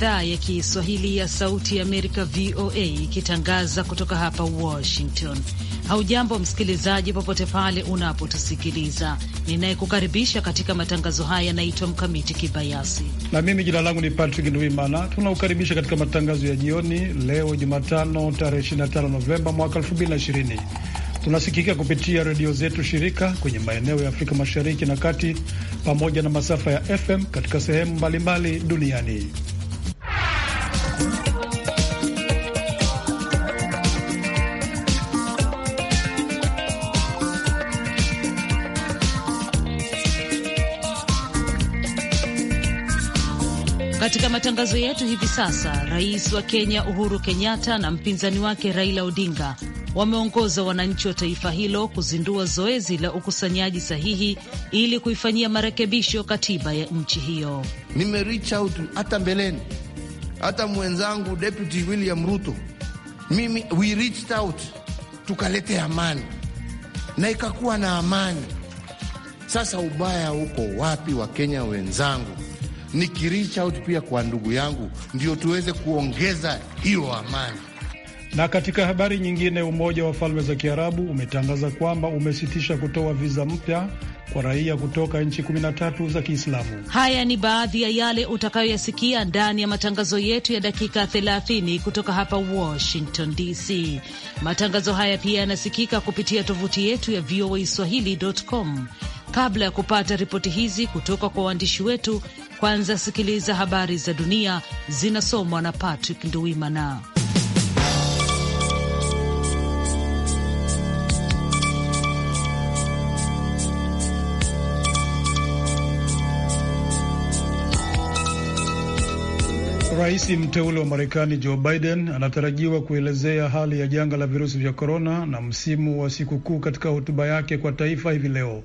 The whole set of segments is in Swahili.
idhaa ya Kiswahili ya Sauti ya Amerika, VOA, ikitangaza kutoka hapa Washington. Haujambo msikilizaji, popote pale unapotusikiliza. Ninayekukaribisha katika matangazo haya yanaitwa Mkamiti Kibayasi na mimi jina langu ni Patrick Ndwimana. Tunaukaribisha katika matangazo ya jioni leo Jumatano tarehe 25 Novemba mwaka 2020. Tunasikika kupitia redio zetu shirika kwenye maeneo ya Afrika Mashariki na Kati pamoja na masafa ya FM katika sehemu mbalimbali duniani. Katika matangazo yetu hivi sasa, rais wa Kenya Uhuru Kenyatta na mpinzani wake Raila Odinga wameongoza wananchi wa taifa hilo kuzindua zoezi la ukusanyaji sahihi ili kuifanyia marekebisho katiba ya nchi hiyo. Nime reach out hata mbeleni, hata mwenzangu Deputy William Ruto mimi, we reached out tukalete amani na ikakuwa na amani. Sasa ubaya uko wapi, wa kenya wenzangu? nikireach out pia kwa ndugu yangu, ndio tuweze kuongeza hiyo amani. Na katika habari nyingine, Umoja wa Falme za Kiarabu umetangaza kwamba umesitisha kutoa viza mpya kwa raia kutoka nchi 13 za Kiislamu. Haya ni baadhi ya yale utakayoyasikia ndani ya matangazo yetu ya dakika 30 kutoka hapa Washington DC. Matangazo haya pia yanasikika kupitia tovuti yetu ya voa swahili.com. Kabla ya kupata ripoti hizi kutoka kwa waandishi wetu, kwanza sikiliza habari za dunia zinasomwa na Patrick nduimana Rais mteule wa Marekani Joe Biden anatarajiwa kuelezea hali ya janga la virusi vya korona na msimu wa sikukuu katika hotuba yake kwa taifa hivi leo.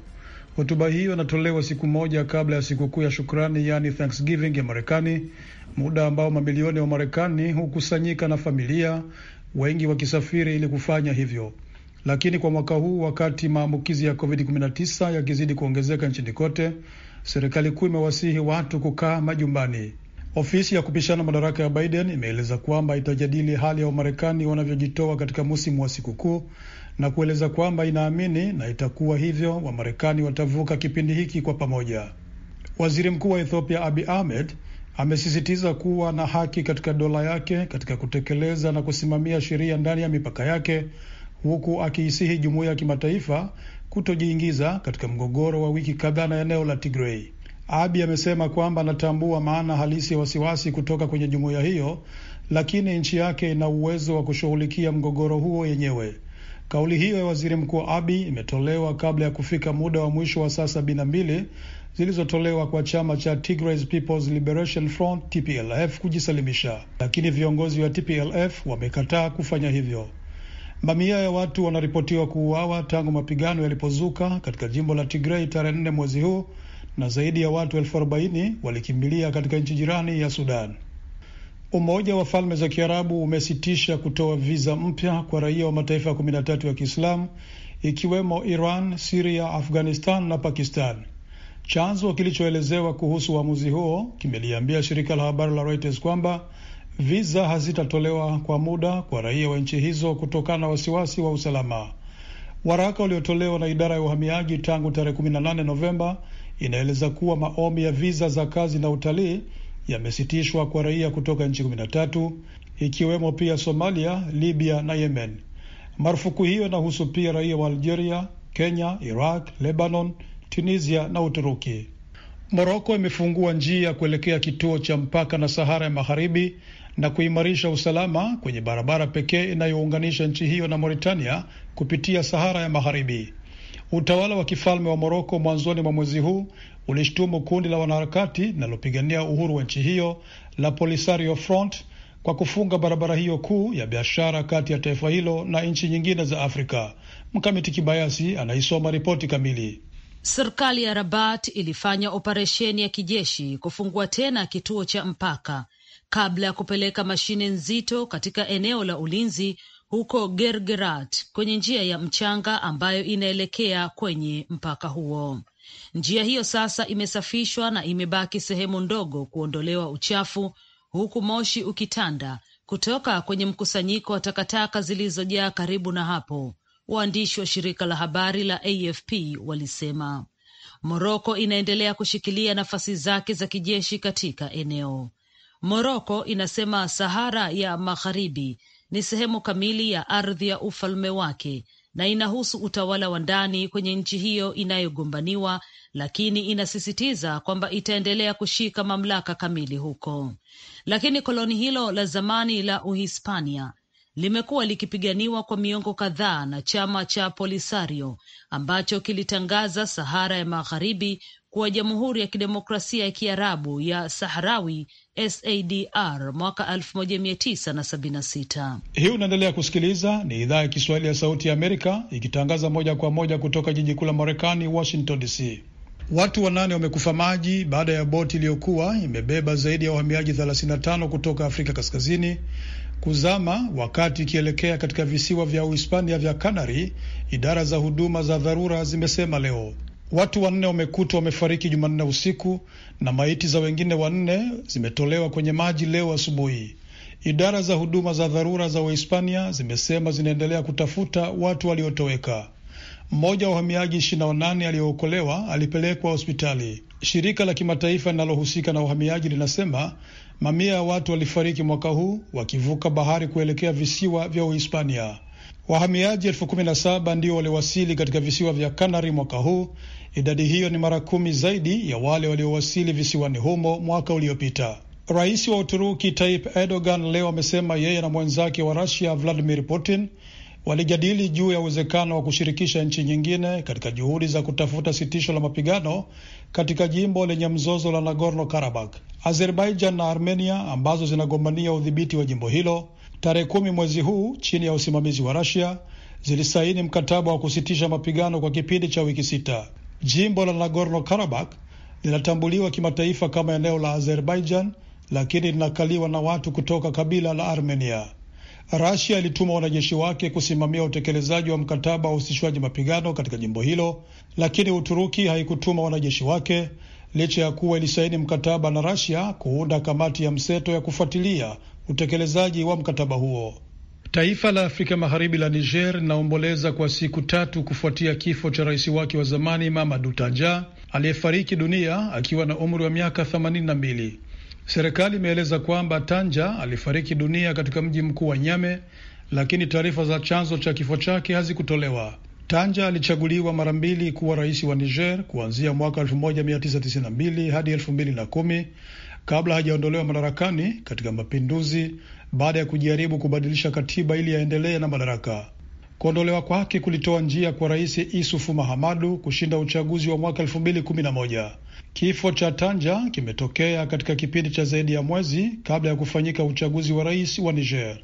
Hotuba hiyo inatolewa siku moja kabla ya sikukuu ya shukrani, yaani Thanksgiving ya Marekani, muda ambao mamilioni ya Wamarekani hukusanyika na familia, wengi wakisafiri ili kufanya hivyo. Lakini kwa mwaka huu, wakati maambukizi ya COVID-19 yakizidi kuongezeka nchini kote, serikali kuu imewasihi watu kukaa majumbani. Ofisi ya kupishana madaraka ya Biden imeeleza kwamba itajadili hali ya Wamarekani wanavyojitoa katika musimu wa sikukuu na kueleza kwamba inaamini na itakuwa hivyo, Wamarekani watavuka kipindi hiki kwa pamoja. Waziri Mkuu wa Ethiopia abi Ahmed amesisitiza kuwa na haki katika dola yake katika kutekeleza na kusimamia sheria ndani ya mipaka yake, huku akiisihi jumuiya ya kimataifa kutojiingiza katika mgogoro wa wiki kadhaa na eneo la Tigrei. Abi amesema kwamba anatambua maana halisi ya wasiwasi kutoka kwenye jumuiya hiyo, lakini nchi yake ina uwezo wa kushughulikia mgogoro huo yenyewe. Kauli hiyo ya waziri mkuu Abi imetolewa kabla ya kufika muda wa mwisho wa saa sabini na mbili zilizotolewa kwa chama cha Tigray People's Liberation Front TPLF kujisalimisha, lakini viongozi wa TPLF wamekataa kufanya hivyo. Mamia ya watu wanaripotiwa kuuawa tangu mapigano yalipozuka katika jimbo la Tigray tarehe nne mwezi huu na zaidi ya watu elfu arobaini walikimbilia katika nchi jirani ya Sudan. Umoja wa Falme za Kiarabu umesitisha kutoa viza mpya kwa raia wa mataifa kumi na tatu ya Kiislamu ikiwemo Iran, Siria, Afghanistan na Pakistan. Chanzo kilichoelezewa kuhusu uamuzi huo kimeliambia shirika la habari la Reuters kwamba viza hazitatolewa kwa muda kwa raia wa nchi hizo kutokana na wasiwasi wa usalama. Waraka uliotolewa na idara ya uhamiaji tangu tarehe 18 Novemba inaeleza kuwa maombi ya viza za kazi na utalii yamesitishwa kwa raia kutoka nchi kumi na tatu ikiwemo pia Somalia, Libya na Yemen. Marufuku hiyo inahusu pia raia wa Algeria, Kenya, Iraq, Lebanon, Tunisia na Uturuki. Moroko imefungua njia ya kuelekea kituo cha mpaka na Sahara ya Magharibi na kuimarisha usalama kwenye barabara pekee inayounganisha nchi hiyo na Mauritania kupitia Sahara ya Magharibi. Utawala wa kifalme wa Moroko mwanzoni mwa mwezi huu ulishtumu kundi la wanaharakati linalopigania uhuru wa nchi hiyo la Polisario Front kwa kufunga barabara hiyo kuu ya biashara kati ya taifa hilo na nchi nyingine za Afrika. Mkamiti Kibayasi anaisoma ripoti kamili. Serikali ya Rabat ilifanya operesheni ya kijeshi kufungua tena kituo cha mpaka kabla ya kupeleka mashine nzito katika eneo la ulinzi huko Gergerat kwenye njia ya mchanga ambayo inaelekea kwenye mpaka huo. Njia hiyo sasa imesafishwa na imebaki sehemu ndogo kuondolewa uchafu, huku moshi ukitanda kutoka kwenye mkusanyiko wa takataka zilizojaa karibu na hapo, waandishi wa shirika la habari la AFP walisema. Moroko inaendelea kushikilia nafasi zake za kijeshi katika eneo. Moroko inasema Sahara ya Magharibi ni sehemu kamili ya ardhi ya ufalme wake na inahusu utawala wa ndani kwenye nchi hiyo inayogombaniwa, lakini inasisitiza kwamba itaendelea kushika mamlaka kamili huko. Lakini koloni hilo la zamani la Uhispania limekuwa likipiganiwa kwa miongo kadhaa na chama cha Polisario ambacho kilitangaza Sahara ya Magharibi kuwa Jamhuri ya Kidemokrasia ya Kiarabu ya Sahrawi SADR mwaka 1976. Hii unaendelea kusikiliza ni idhaa ya Kiswahili ya Sauti ya Amerika ikitangaza moja kwa moja kutoka jiji kuu la Marekani, Washington DC. Watu wanane wamekufa maji baada ya boti iliyokuwa imebeba zaidi ya wahamiaji 35 kutoka Afrika Kaskazini kuzama wakati ikielekea katika visiwa vya Uhispania vya Kanari, idara za huduma za dharura zimesema leo. Watu wanne wamekutwa wamefariki Jumanne usiku na maiti za wengine wanne zimetolewa kwenye maji leo asubuhi. Idara za huduma za dharura za Uhispania zimesema zinaendelea kutafuta watu waliotoweka. Mmoja wa wahamiaji ishirini na wanane aliyookolewa alipelekwa hospitali. Shirika la kimataifa linalohusika na uhamiaji linasema mamia ya watu walifariki mwaka huu wakivuka bahari kuelekea visiwa vya Uhispania. Wahamiaji elfu kumi na saba ndio waliowasili katika visiwa vya Kanari mwaka huu. Idadi hiyo ni mara kumi zaidi ya wale waliowasili visiwani humo mwaka uliopita. Rais wa Uturuki Tayyip Erdogan leo amesema yeye na mwenzake wa Rusia Vladimir Putin walijadili juu ya uwezekano wa kushirikisha nchi nyingine katika juhudi za kutafuta sitisho la mapigano katika jimbo lenye mzozo la Nagorno Karabakh. Azerbaijan na Armenia ambazo zinagombania udhibiti wa jimbo hilo tarehe kumi mwezi huu chini ya usimamizi wa Rasia zilisaini mkataba wa kusitisha mapigano kwa kipindi cha wiki sita. Jimbo la Nagorno Karabakh linatambuliwa kimataifa kama eneo la Azerbaijan, lakini linakaliwa na watu kutoka kabila la Armenia. Rasia ilituma wanajeshi wake kusimamia utekelezaji wa mkataba wa usitishwaji mapigano katika jimbo hilo, lakini Uturuki haikutuma wanajeshi wake licha ya kuwa ilisaini mkataba na Rasia kuunda kamati ya mseto ya kufuatilia utekelezaji wa mkataba huo. Taifa la Afrika Magharibi la Niger linaomboleza kwa siku tatu kufuatia kifo cha rais wake wa zamani Mamadu Tanja aliyefariki dunia akiwa na umri wa miaka 82. Serikali imeeleza kwamba Tanja alifariki dunia katika mji mkuu wa Nyame, lakini taarifa za chanzo cha kifo chake hazikutolewa. Tanja alichaguliwa mara mbili kuwa rais wa Niger kuanzia mwaka 1992 hadi 2010 kabla hajaondolewa madarakani katika mapinduzi baada ya kujaribu kubadilisha katiba ili yaendelee na madaraka. Kuondolewa kwake kulitoa njia kwa rais Isufu Mahamadu kushinda uchaguzi wa mwaka elfu mbili kumi na moja. Kifo cha Tanja kimetokea katika kipindi cha zaidi ya mwezi kabla ya kufanyika uchaguzi wa rais wa Niger.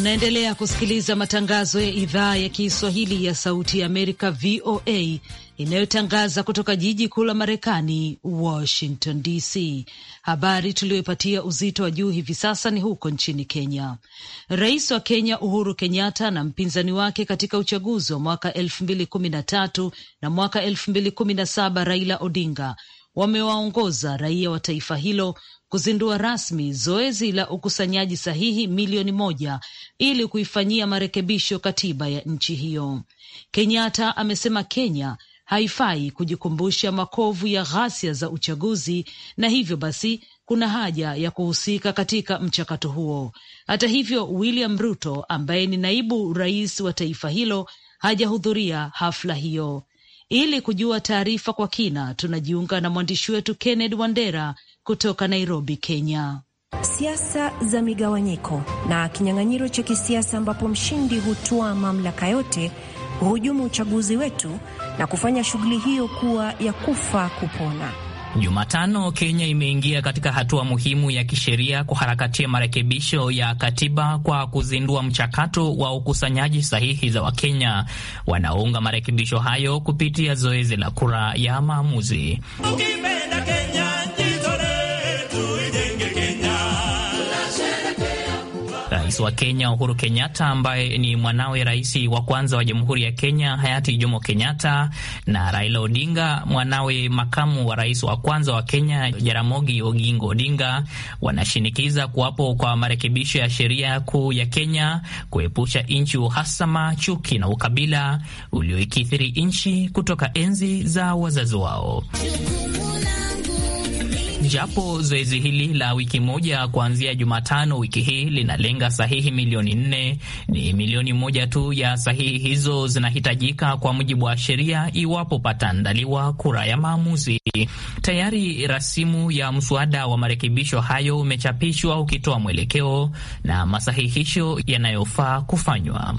Unaendelea kusikiliza matangazo ya idhaa ya Kiswahili ya Sauti ya Amerika, VOA, inayotangaza kutoka jiji kuu la Marekani, Washington DC. Habari tuliyoipatia uzito wa juu hivi sasa ni huko nchini Kenya. Rais wa Kenya Uhuru Kenyatta na mpinzani wake katika uchaguzi wa mwaka elfu mbili kumi na tatu na mwaka elfu mbili kumi na saba Raila Odinga wamewaongoza raia wa taifa hilo kuzindua rasmi zoezi la ukusanyaji sahihi milioni moja ili kuifanyia marekebisho katiba ya nchi hiyo. Kenyatta amesema Kenya haifai kujikumbusha makovu ya ghasia za uchaguzi na hivyo basi kuna haja ya kuhusika katika mchakato huo. Hata hivyo, William Ruto ambaye ni naibu rais wa taifa hilo hajahudhuria hafla hiyo. Ili kujua taarifa kwa kina, tunajiunga na mwandishi wetu kenned Wandera kutoka Nairobi, Kenya. Siasa za migawanyiko na kinyang'anyiro cha kisiasa ambapo mshindi hutoa mamlaka yote huhujumu uchaguzi wetu na kufanya shughuli hiyo kuwa ya kufa kupona. Jumatano, Kenya imeingia katika hatua muhimu ya kisheria kuharakatia marekebisho ya katiba kwa kuzindua mchakato wa ukusanyaji sahihi za Wakenya wanaounga marekebisho hayo kupitia zoezi la kura ya maamuzi. Ukipenda Kenya Rais wa Kenya Uhuru Kenyatta, ambaye ni mwanawe rais wa kwanza wa Jamhuri ya Kenya hayati Jomo Kenyatta, na Raila Odinga, mwanawe makamu wa rais wa kwanza wa Kenya Jaramogi Oginga Odinga, wanashinikiza kuwapo kwa marekebisho ya sheria kuu ya Kenya kuepusha nchi uhasama, chuki na ukabila ulioikithiri nchi kutoka enzi za wazazi wao. Japo zoezi hili la wiki moja kuanzia Jumatano wiki hii linalenga sahihi milioni nne, ni milioni moja tu ya sahihi hizo zinahitajika kwa mujibu wa sheria, iwapo pataandaliwa kura ya maamuzi. Tayari rasimu ya mswada wa marekebisho hayo umechapishwa ukitoa mwelekeo na masahihisho yanayofaa kufanywa.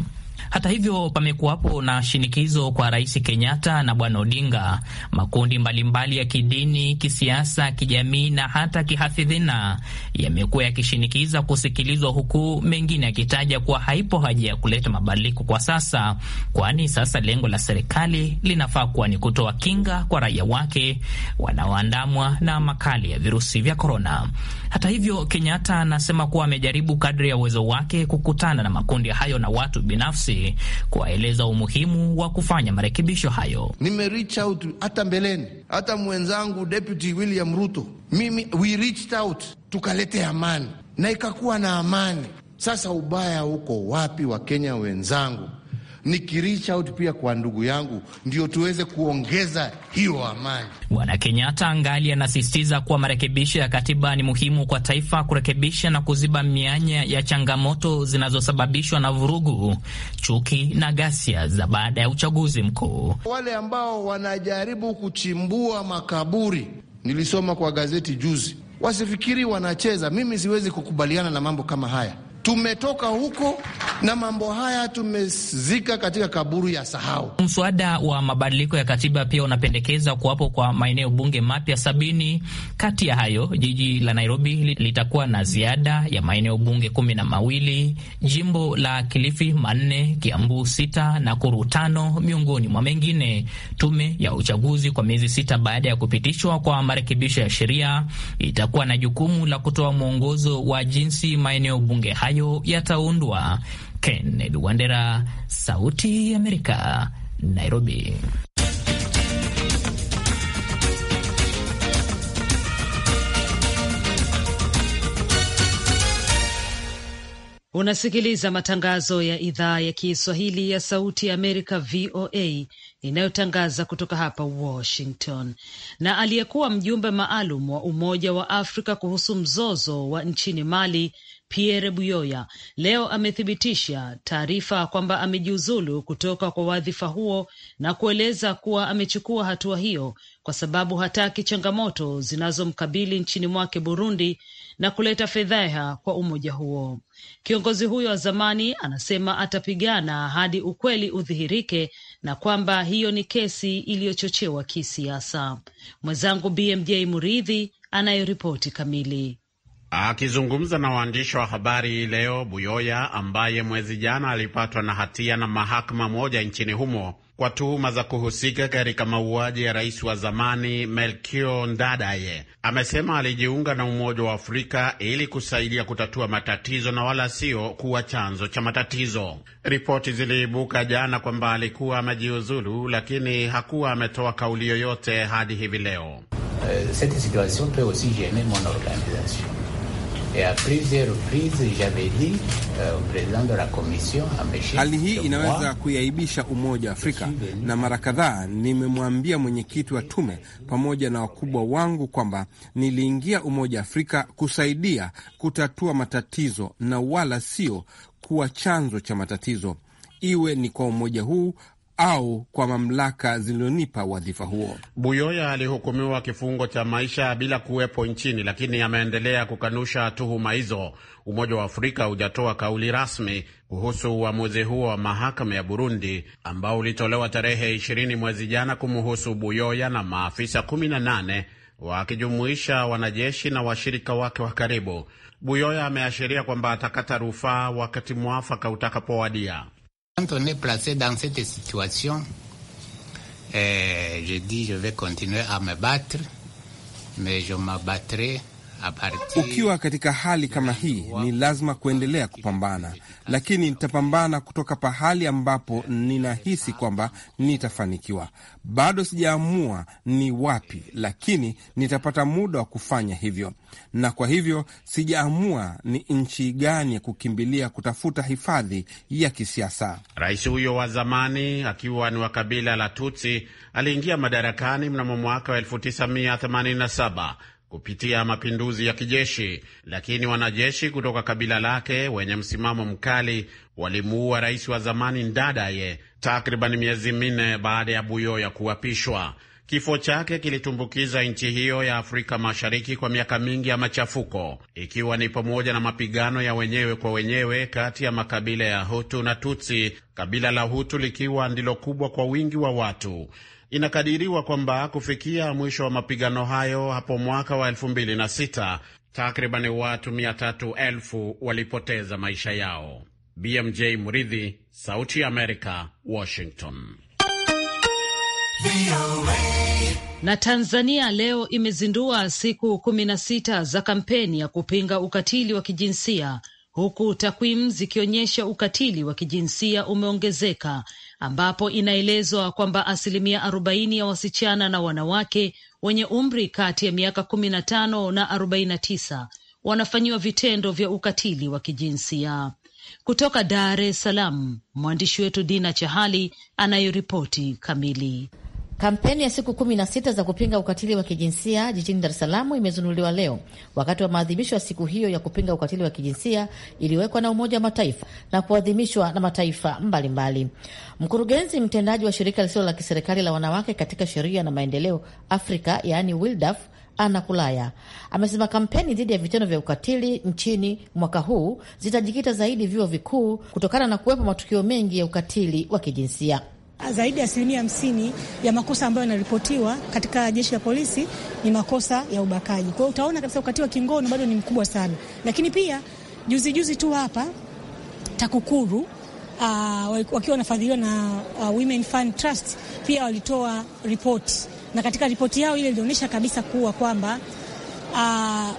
Hata hivyo, pamekuwapo na shinikizo kwa Rais Kenyatta na Bwana Odinga, makundi mbalimbali ya kidini, kisiasa, kijamii na hata kihafidhina yamekuwa yakishinikiza kusikilizwa, huku mengine yakitaja kuwa haipo haja ya kuleta mabadiliko kwa sasa, kwani sasa lengo la serikali linafaa kuwa ni kutoa kinga kwa raia wake wanaoandamwa na makali ya virusi vya korona. Hata hivyo, Kenyatta anasema kuwa amejaribu kadri ya uwezo wake kukutana na makundi hayo na watu binafsi kuwaeleza umuhimu wa kufanya marekebisho hayo. Nime reach out hata mbeleni, hata mwenzangu Deputy William Ruto mimi, we reached out tukalete amani na ikakuwa na amani. Sasa ubaya uko wapi, wa kenya wenzangu? nikireach out pia kwa ndugu yangu, ndio tuweze kuongeza hiyo amani. Bwana Kenyatta angali anasisitiza kuwa marekebisho ya katiba ni muhimu kwa taifa kurekebisha na kuziba mianya ya changamoto zinazosababishwa na vurugu, chuki na ghasia za baada ya uchaguzi mkuu. Wale ambao wanajaribu kuchimbua makaburi, nilisoma kwa gazeti juzi, wasifikiri wanacheza. Mimi siwezi kukubaliana na mambo kama haya. Tumetoka huko na mambo haya tumezika katika kaburi ya sahau. Mswada wa mabadiliko ya katiba pia unapendekeza kuwapo kwa maeneo bunge mapya sabini. Kati ya hayo jiji la Nairobi litakuwa na ziada ya maeneo bunge kumi na mawili, jimbo la Kilifi manne, Kiambu sita, Nakuru tano, miongoni mwa mengine. Tume ya uchaguzi kwa miezi sita baada ya kupitishwa kwa marekebisho ya sheria itakuwa na jukumu la kutoa mwongozo wa jinsi maeneo bunge hayo ambayo yataundwa. Kennedy Wandera, Sauti ya Amerika, Nairobi. Unasikiliza matangazo ya idhaa ya Kiswahili ya Sauti ya Amerika, VOA, inayotangaza kutoka hapa Washington. Na aliyekuwa mjumbe maalum wa Umoja wa Afrika kuhusu mzozo wa nchini Mali Pierre Buyoya leo amethibitisha taarifa kwamba amejiuzulu kutoka kwa wadhifa huo na kueleza kuwa amechukua hatua hiyo kwa sababu hataki changamoto zinazomkabili nchini mwake Burundi na kuleta fedheha kwa umoja huo. Kiongozi huyo wa zamani anasema atapigana hadi ukweli udhihirike na kwamba hiyo ni kesi iliyochochewa kisiasa. Mwenzangu BMJ Muridhi anayeripoti kamili. Akizungumza na waandishi wa habari leo, Buyoya ambaye mwezi jana alipatwa na hatia na mahakama moja nchini humo kwa tuhuma za kuhusika katika mauaji ya rais wa zamani melkio Ndadaye amesema alijiunga na Umoja wa Afrika ili kusaidia kutatua matatizo na wala sio kuwa chanzo cha matatizo. Ripoti ziliibuka jana kwamba alikuwa amejiuzulu, lakini hakuwa ametoa kauli yoyote hadi hivi leo. Uh, Et à plusieurs reprises, j'avais dit euh, au président de la commission hali hii inaweza kuiaibisha Umoja wa Afrika, na mara kadhaa nimemwambia mwenyekiti wa tume pamoja na wakubwa wangu kwamba niliingia Umoja wa Afrika kusaidia kutatua matatizo na wala sio kuwa chanzo cha matatizo, iwe ni kwa umoja huu au kwa mamlaka zilizonipa wadhifa huo. Buyoya alihukumiwa kifungo cha maisha bila kuwepo nchini, lakini ameendelea kukanusha tuhuma hizo. Umoja wa Afrika hujatoa kauli rasmi kuhusu uamuzi huo wa mahakama ya Burundi ambao ulitolewa tarehe 20 mwezi jana kumuhusu Buyoya na maafisa 18 wakijumuisha wanajeshi na washirika wake wa karibu. Buyoya ameashiria kwamba atakata rufaa wakati mwafaka utakapowadia. Quand on est placé dans cette situation, euh, je dis je vais continuer à me battre, mais je m'abattrai. Ukiwa katika hali kama hii, ni lazima kuendelea kupambana, lakini nitapambana kutoka pahali ambapo ninahisi kwamba nitafanikiwa. Bado sijaamua ni wapi, lakini nitapata muda wa kufanya hivyo, na kwa hivyo sijaamua ni nchi gani ya kukimbilia kutafuta hifadhi ya kisiasa. Rais huyo wa zamani akiwa ni wa kabila la Tutsi aliingia madarakani mnamo mwaka wa 1987 kupitia mapinduzi ya kijeshi, lakini wanajeshi kutoka kabila lake wenye msimamo mkali walimuua rais wa zamani Ndadaye takriban miezi minne baada ya Buyoya kuapishwa. Kifo chake kilitumbukiza nchi hiyo ya Afrika Mashariki kwa miaka mingi ya machafuko, ikiwa ni pamoja na mapigano ya wenyewe kwa wenyewe kati ya makabila ya Hutu na Tutsi, kabila la Hutu likiwa ndilo kubwa kwa wingi wa watu. Inakadiriwa kwamba kufikia mwisho wa mapigano hayo hapo mwaka wa 2006 takriban watu 300,000 walipoteza maisha yao. BMJ Muridhi, Sauti ya Amerika, Washington. Na Tanzania leo imezindua siku kumi na sita za kampeni ya kupinga ukatili wa kijinsia huku takwimu zikionyesha ukatili wa kijinsia umeongezeka ambapo inaelezwa kwamba asilimia arobaini ya wasichana na wanawake wenye umri kati ya miaka kumi na tano na arobaini na tisa wanafanyiwa vitendo vya ukatili wa kijinsia. Kutoka Dar es Salaam, mwandishi wetu Dina Chahali anayeripoti kamili. Kampeni ya siku kumi na sita za kupinga ukatili wa kijinsia jijini Dar es Salaam imezinduliwa leo wakati wa maadhimisho ya siku hiyo ya kupinga ukatili wa kijinsia iliyowekwa na Umoja wa Mataifa na kuadhimishwa na mataifa mbalimbali. Mkurugenzi mtendaji wa shirika lisilo la kiserikali la wanawake katika sheria na maendeleo Afrika, yaani WiLDAF, Ana Kulaya amesema kampeni dhidi ya vitendo vya ukatili nchini mwaka huu zitajikita zaidi vyuo vikuu kutokana na kuwepo matukio mengi ya ukatili wa kijinsia. Ah, zaidi ya asilimia hamsini ya makosa ambayo yanaripotiwa katika jeshi la polisi ni makosa ya ubakaji. Kwa hiyo utaona kabisa ukatili wa kingono bado ni mkubwa sana, lakini pia juzijuzi juzi tu hapa TAKUKURU Uh, wakiwa wanafadhiliwa na uh, Women Fund Trust pia walitoa ripoti, na katika ripoti yao ile ilionyesha kabisa kuwa kwamba uh,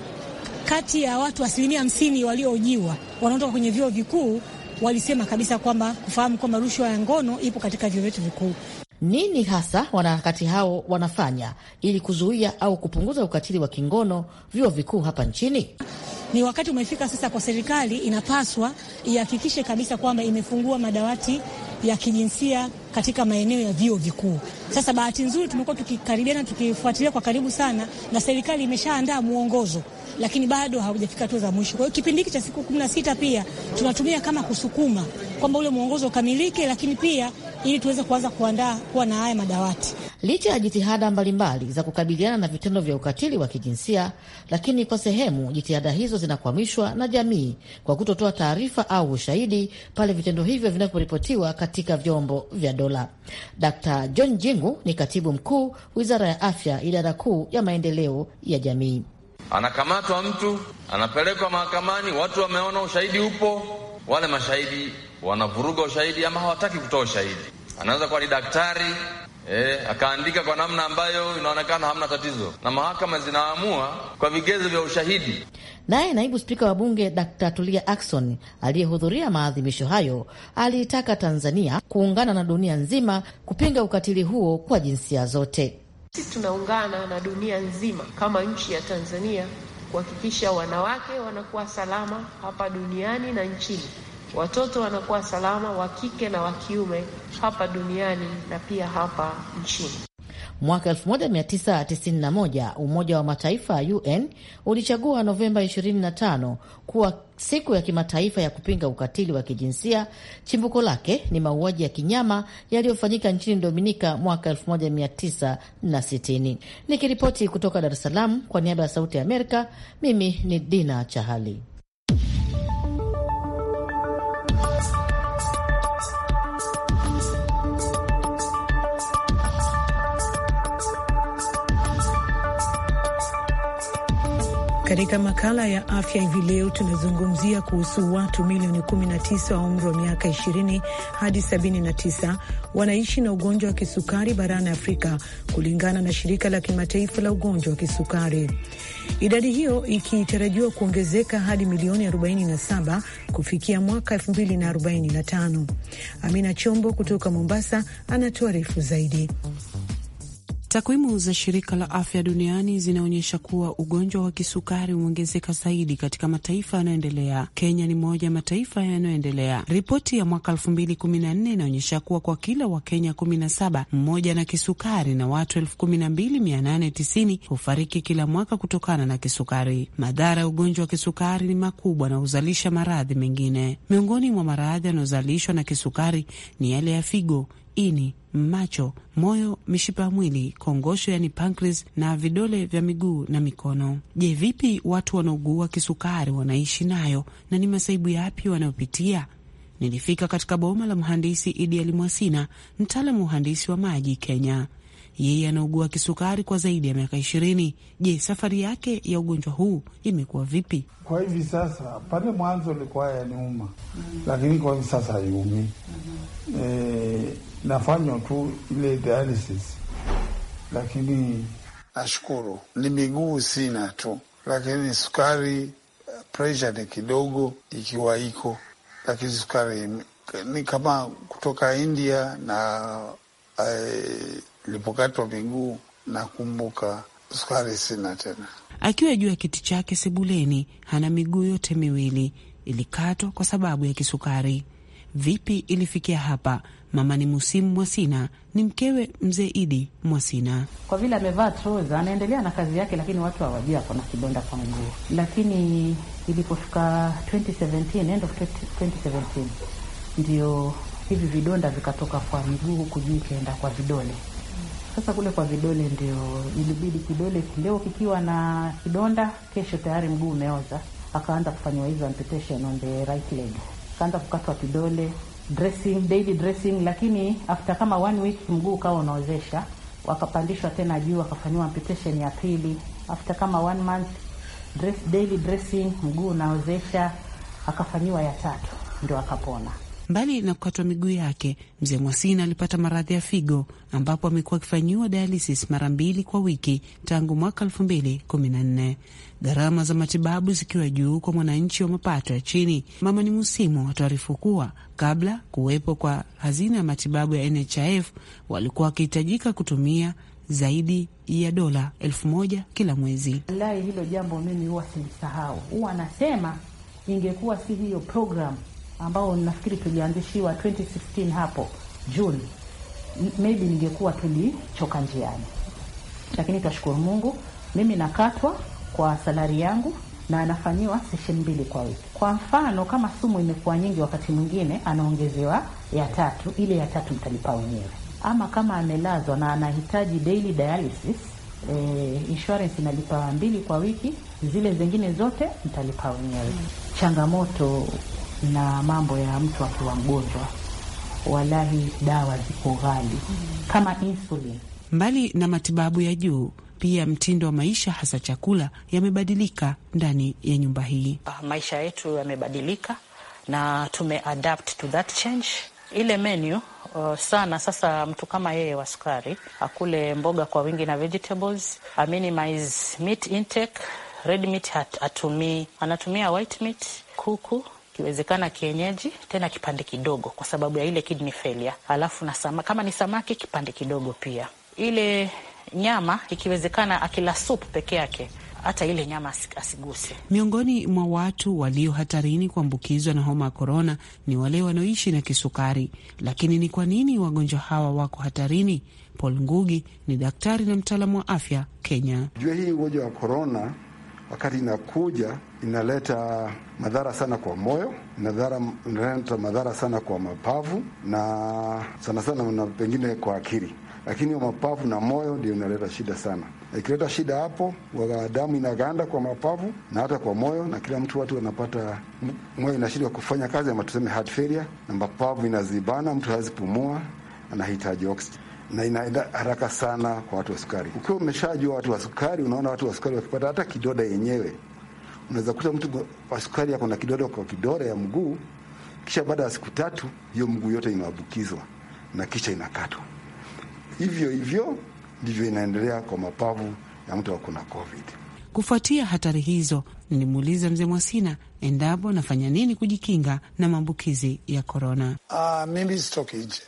kati ya watu asilimia hamsini waliojiwa wanaotoka kwenye vyuo vikuu walisema kabisa kwamba kufahamu kwamba rushwa ya ngono ipo katika vyuo vyetu vikuu. Nini hasa wanaharakati hao wanafanya ili kuzuia au kupunguza ukatili wa kingono vyuo vikuu hapa nchini? Ni wakati umefika sasa kwa serikali, inapaswa ihakikishe kabisa kwamba imefungua madawati ya kijinsia katika maeneo ya vyuo vikuu. Sasa bahati nzuri tumekuwa tukikaribiana, tukifuatilia kwa karibu sana, na serikali imeshaandaa mwongozo, lakini bado haujafika hatua za mwisho. Kwa hiyo kipindi hiki cha siku kumi na sita pia tunatumia kama kusukuma kwamba ule mwongozo ukamilike, lakini pia ili tuweze kuanza kuandaa kuwa na haya madawati. Licha ya jitihada mbalimbali za kukabiliana na vitendo vya ukatili wa kijinsia, lakini kwa sehemu jitihada hizo zinakwamishwa na jamii kwa kutotoa taarifa au ushahidi pale vitendo hivyo vinavyoripotiwa katika vyombo vya dola. Dkt John Jingu ni katibu mkuu Wizara ya Afya, idara kuu ya maendeleo ya jamii. Anakamatwa mtu, anapelekwa mahakamani, watu wameona, ushahidi upo, wale mashahidi wanavuruga ushahidi ama hawataki kutoa ushahidi. Anaweza kuwa ni daktari E, akaandika kwa namna ambayo inaonekana hamna tatizo na mahakama zinaamua kwa vigezo vya ushahidi. Naye naibu spika wa bunge Dkt. Tulia akson aliyehudhuria maadhimisho hayo aliitaka Tanzania kuungana na dunia nzima kupinga ukatili huo kwa jinsia zote. Sisi tunaungana na dunia nzima kama nchi ya Tanzania kuhakikisha wanawake wanakuwa salama hapa duniani na nchini watoto wanakuwa salama wa kike na wa kiume hapa duniani na pia hapa nchini. Mwaka 1991 Umoja wa Mataifa UN ulichagua Novemba 25 kuwa siku ya kimataifa ya kupinga ukatili wa kijinsia. Chimbuko lake ni mauaji ya kinyama yaliyofanyika nchini Dominika mwaka 1960. Nikiripoti kutoka Dar es Salaam kwa niaba ya Sauti ya Amerika, mimi ni Dina Chahali. Katika makala ya afya hivi leo tunazungumzia kuhusu watu milioni 19 wa umri wa miaka 20 hadi 79 wanaishi na ugonjwa wa kisukari barani Afrika, kulingana na shirika la kimataifa la ugonjwa wa kisukari, idadi hiyo ikitarajiwa kuongezeka hadi milioni 47 kufikia mwaka 2045. Amina Chombo kutoka Mombasa anatuarifu zaidi. Takwimu za shirika la afya duniani zinaonyesha kuwa ugonjwa wa kisukari umeongezeka zaidi katika mataifa yanayoendelea. Kenya ni moja ya mataifa yanayoendelea. Ripoti ya mwaka 2014 inaonyesha kuwa kwa kila Wakenya 17 mmoja na kisukari na watu 12890 hufariki kila mwaka kutokana na kisukari. Madhara ya ugonjwa wa kisukari ni makubwa na huzalisha maradhi mengine. Miongoni mwa maradhi yanayozalishwa na kisukari ni yale ya figo ini, macho, moyo, mishipa ya mwili, kongosho yani pancreas, na vidole vya miguu na mikono. Je, vipi watu wanaougua kisukari wanaishi nayo na ni masaibu yapi wanayopitia? Nilifika katika boma la mhandisi Idi Ali Mwasina, mtaalamu wa uhandisi wa maji Kenya. Yeye anaugua kisukari kwa zaidi ya miaka ishirini. Je, safari yake ya ugonjwa huu imekuwa vipi? Kwa hivi sasa, pale mwanzo ilikuwa yaniuma, lakini kwa hivi sasa haiumi. E, nafanywa tu ile dialysis, lakini nashukuru. Ni miguu sina tu, lakini sukari presha ni kidogo, ikiwa iko, lakini sukari ni kama kutoka India na eh, nilipokatwa miguu nakumbuka sukari sina tena. Akiwa juu ya kiti chake sebuleni, hana miguu yote miwili, ilikatwa kwa sababu ya kisukari. Vipi ilifikia hapa? Mama ni Musimu Mwasina, ni mkewe mzee Idi Mwasina. Kwa vile amevaa troza, anaendelea na kazi yake, lakini watu hawajui ako na kidonda kwa mguu. Lakini ilipofika 2017, end of 2017, ndio hivi vidonda vikatoka kwa miguu, huku juu ikaenda kwa vidole sasa kule kwa vidole ndio ilibidi kidole leo kikiwa na kidonda, kesho tayari mguu umeoza. Akaanza kufanyiwa hizo amputation on the right leg, akaanza kukatwa kidole, dressing, daily dressing, lakini after kama one week mguu ukawa unaozesha, wakapandishwa tena juu, akafanyiwa amputation ya pili after kama one month dress, daily dressing, mguu unaozesha, akafanyiwa ya tatu ndio akapona. Mbali na kukatwa miguu yake, mzee Mwasina alipata maradhi ya figo ambapo amekuwa akifanyiwa dialisis mara mbili kwa wiki tangu mwaka elfu mbili kumi na nne, gharama za matibabu zikiwa juu kwa mwananchi wa mapato ya chini. Mama ni Musimu wataarifu kuwa kabla kuwepo kwa hazina ya matibabu ya NHIF walikuwa wakihitajika kutumia zaidi ya dola elfu moja kila mwezi. Wallahi, hilo jambo mimi huwa silisahau, huwa anasema ingekuwa si hiyo programu ambao nafikiri tulianzishiwa 2016 hapo Juni, maybe ningekuwa tulichoka njiani, lakini twashukuru Mungu, mimi nakatwa kwa salari yangu na anafanyiwa sesheni mbili kwa wiki. Kwa mfano kama sumu imekuwa nyingi, wakati mwingine anaongezewa ya tatu, ile ya tatu mtalipa wenyewe. Ama kama amelazwa na anahitaji daily dialysis, e, insurance inalipa mbili kwa wiki, zile zingine zote mtalipa wenyewe. Mm. Changamoto na mambo ya mtu akiwa mgonjwa, walahi dawa ziko ghali kama insulin. Mbali na matibabu ya juu pia mtindo wa maisha hasa chakula yamebadilika ndani ya nyumba hii. Ah, maisha yetu yamebadilika na tumeadapt to that change. Ile menu uh, sana sasa, mtu kama yeye wa sukari akule mboga kwa wingi na vegetables, aminimize meat intake. Red meat hatumii, anatumia white meat, kuku kiwezekana kienyeji, tena kipande kidogo, kwa sababu ya ile kidney failure. Alafu na sama, kama ni samaki kipande kidogo pia. Ile nyama ikiwezekana, akila supu peke yake hata ile nyama asiguse. Miongoni mwa watu walio hatarini kuambukizwa na homa ya korona ni wale wanaoishi na kisukari. Lakini ni kwa nini wagonjwa hawa wako hatarini? Paul Ngugi ni daktari na mtaalamu wa afya Kenya. Jua hii ugonjwa wa korona wakati inakuja inaleta madhara sana kwa moyo, inaleta madhara sana kwa mapavu na sana sana na pengine kwa akili, lakini mapavu na moyo ndio inaleta shida sana. Ikileta shida hapo, damu inaganda kwa mapavu na hata kwa moyo, na kila mtu watu anapata moyo inashindwa kufanya kazi ama tuseme heart failure, na mapavu inazibana, mtu hawezi pumua, anahitaji oxygen na inaenda haraka sana kwa watu wa sukari. Ukiwa umeshajua watu wa sukari, unaona watu wa sukari wakipata hata kidoda yenyewe, unaweza kuta mtu wa sukari ako na kidoda kwa kidore ya mguu, kisha baada ya siku tatu hiyo mguu yote inaambukizwa na kisha inakatwa. Hivyo hivyo ndivyo inaendelea kwa mapavu ya mtu ako na COVID. Kufuatia hatari hizo, nilimuuliza mzee Mwasina endapo nafanya nini kujikinga na maambukizi ya korona. Uh, ah, mimi sitoki nje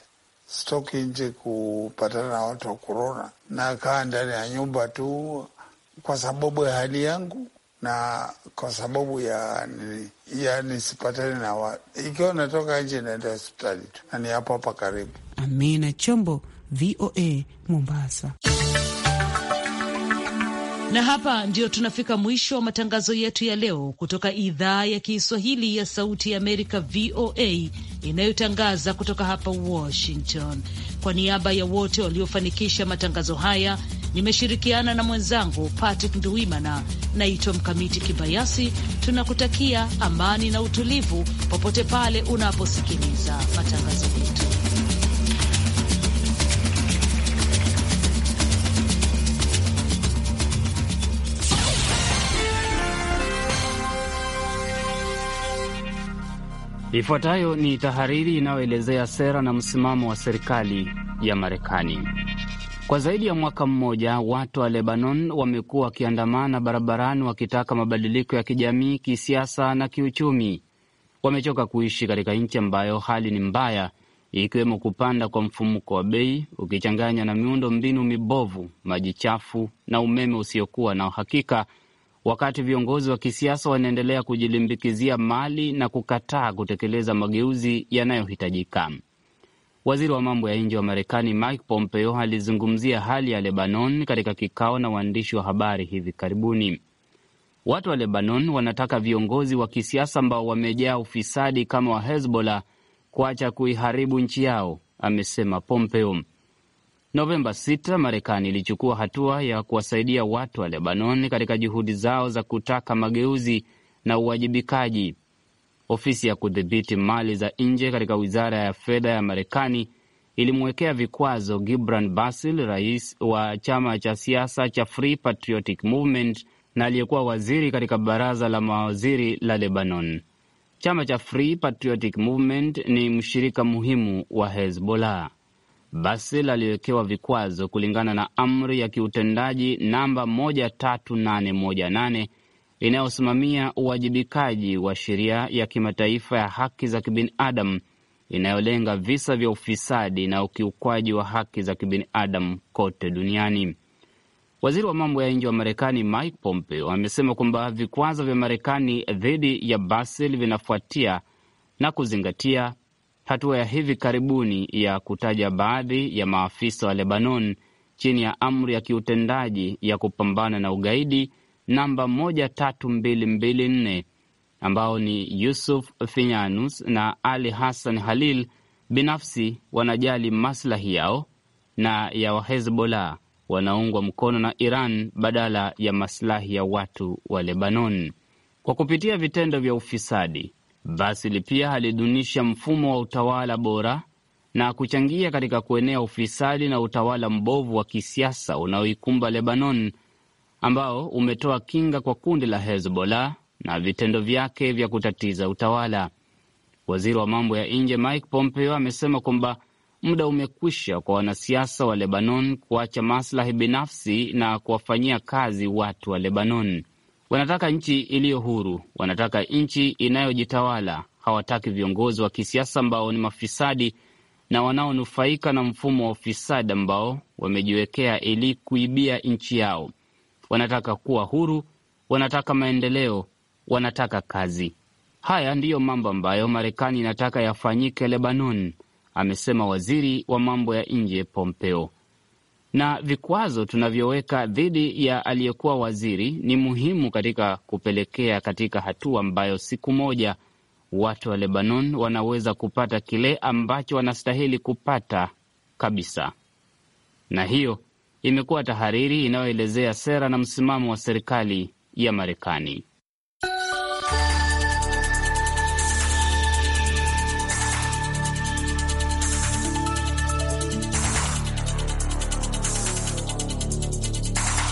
sitoki nje kupatana na watu wa korona, nakaa ndani ya nyumba tu kwa sababu ya hali yangu na kwa sababu ya ya nisipatane na watu. Ikiwa natoka nje, naenda hospitali tu na ni hapo hapa karibu. Amina Chombo, VOA, Mombasa. Na hapa ndio tunafika mwisho wa matangazo yetu ya leo kutoka idhaa ya Kiswahili ya Sauti ya Amerika, VOA, inayotangaza kutoka hapa Washington. Kwa niaba ya wote waliofanikisha matangazo haya, nimeshirikiana na mwenzangu Patrick Nduwimana. Naitwa Mkamiti Kibayasi. Tunakutakia amani na utulivu popote pale unaposikiliza matangazo yetu. Ifuatayo ni tahariri inayoelezea sera na msimamo wa serikali ya Marekani. Kwa zaidi ya mwaka mmoja, watu wa Lebanon wamekuwa wakiandamana barabarani wakitaka mabadiliko ya kijamii, kisiasa na kiuchumi. Wamechoka kuishi katika nchi ambayo hali ni mbaya, ikiwemo kupanda kwa mfumuko wa bei ukichanganya na miundo mbinu mibovu, maji chafu na umeme usiokuwa na uhakika wakati viongozi wa kisiasa wanaendelea kujilimbikizia mali na kukataa kutekeleza mageuzi yanayohitajika. Waziri wa mambo ya nje wa Marekani Mike Pompeo alizungumzia hali ya Lebanon katika kikao na waandishi wa habari hivi karibuni. Watu wa Lebanon wanataka viongozi wa kisiasa ambao wamejaa ufisadi kama wa Hezbollah kuacha kuiharibu nchi yao, amesema Pompeo. Novemba 6 Marekani ilichukua hatua ya kuwasaidia watu wa Lebanon katika juhudi zao za kutaka mageuzi na uwajibikaji. Ofisi ya kudhibiti mali za nje katika wizara ya fedha ya Marekani ilimwekea vikwazo Gibran Basil, rais wa chama cha siasa cha Free Patriotic Movement na aliyekuwa waziri katika baraza la mawaziri la Lebanon. Chama cha Free Patriotic Movement ni mshirika muhimu wa Hezbollah. Basel aliwekewa vikwazo kulingana na amri ya kiutendaji namba 13818 inayosimamia uwajibikaji wa sheria ya kimataifa ya haki za kibinadamu inayolenga visa vya ufisadi na ukiukwaji wa haki za kibinadamu kote duniani. Waziri wa mambo ya nje wa Marekani Mike Pompeo amesema kwamba vikwazo vya Marekani dhidi ya Basel vinafuatia na kuzingatia hatua ya hivi karibuni ya kutaja baadhi ya maafisa wa Lebanon chini ya amri ya kiutendaji ya kupambana na ugaidi namba 13224 ambao ni Yusuf Finyanus na Ali Hassan Halil binafsi wanajali maslahi yao na ya Wahezbollah wanaungwa mkono na Iran badala ya maslahi ya watu wa Lebanon. Kwa kupitia vitendo vya ufisadi, Vasili pia alidunisha mfumo wa utawala bora na kuchangia katika kuenea ufisadi na utawala mbovu wa kisiasa unaoikumba Lebanon ambao umetoa kinga kwa kundi la Hezbollah na vitendo vyake vya kutatiza utawala. Waziri wa mambo ya nje Mike Pompeo amesema kwamba muda umekwisha kwa wanasiasa wa Lebanon kuacha maslahi binafsi na kuwafanyia kazi watu wa Lebanon. Wanataka nchi iliyo huru, wanataka nchi inayojitawala. Hawataki viongozi wa kisiasa ambao ni mafisadi na wanaonufaika na mfumo wa ufisadi ambao wamejiwekea ili kuibia nchi yao. Wanataka kuwa huru, wanataka maendeleo, wanataka kazi. Haya ndiyo mambo ambayo Marekani inataka yafanyike Lebanon, amesema waziri wa mambo ya nje Pompeo na vikwazo tunavyoweka dhidi ya aliyekuwa waziri ni muhimu katika kupelekea katika hatua ambayo siku moja watu wa Lebanon wanaweza kupata kile ambacho wanastahili kupata kabisa. Na hiyo imekuwa tahariri inayoelezea sera na msimamo wa serikali ya Marekani.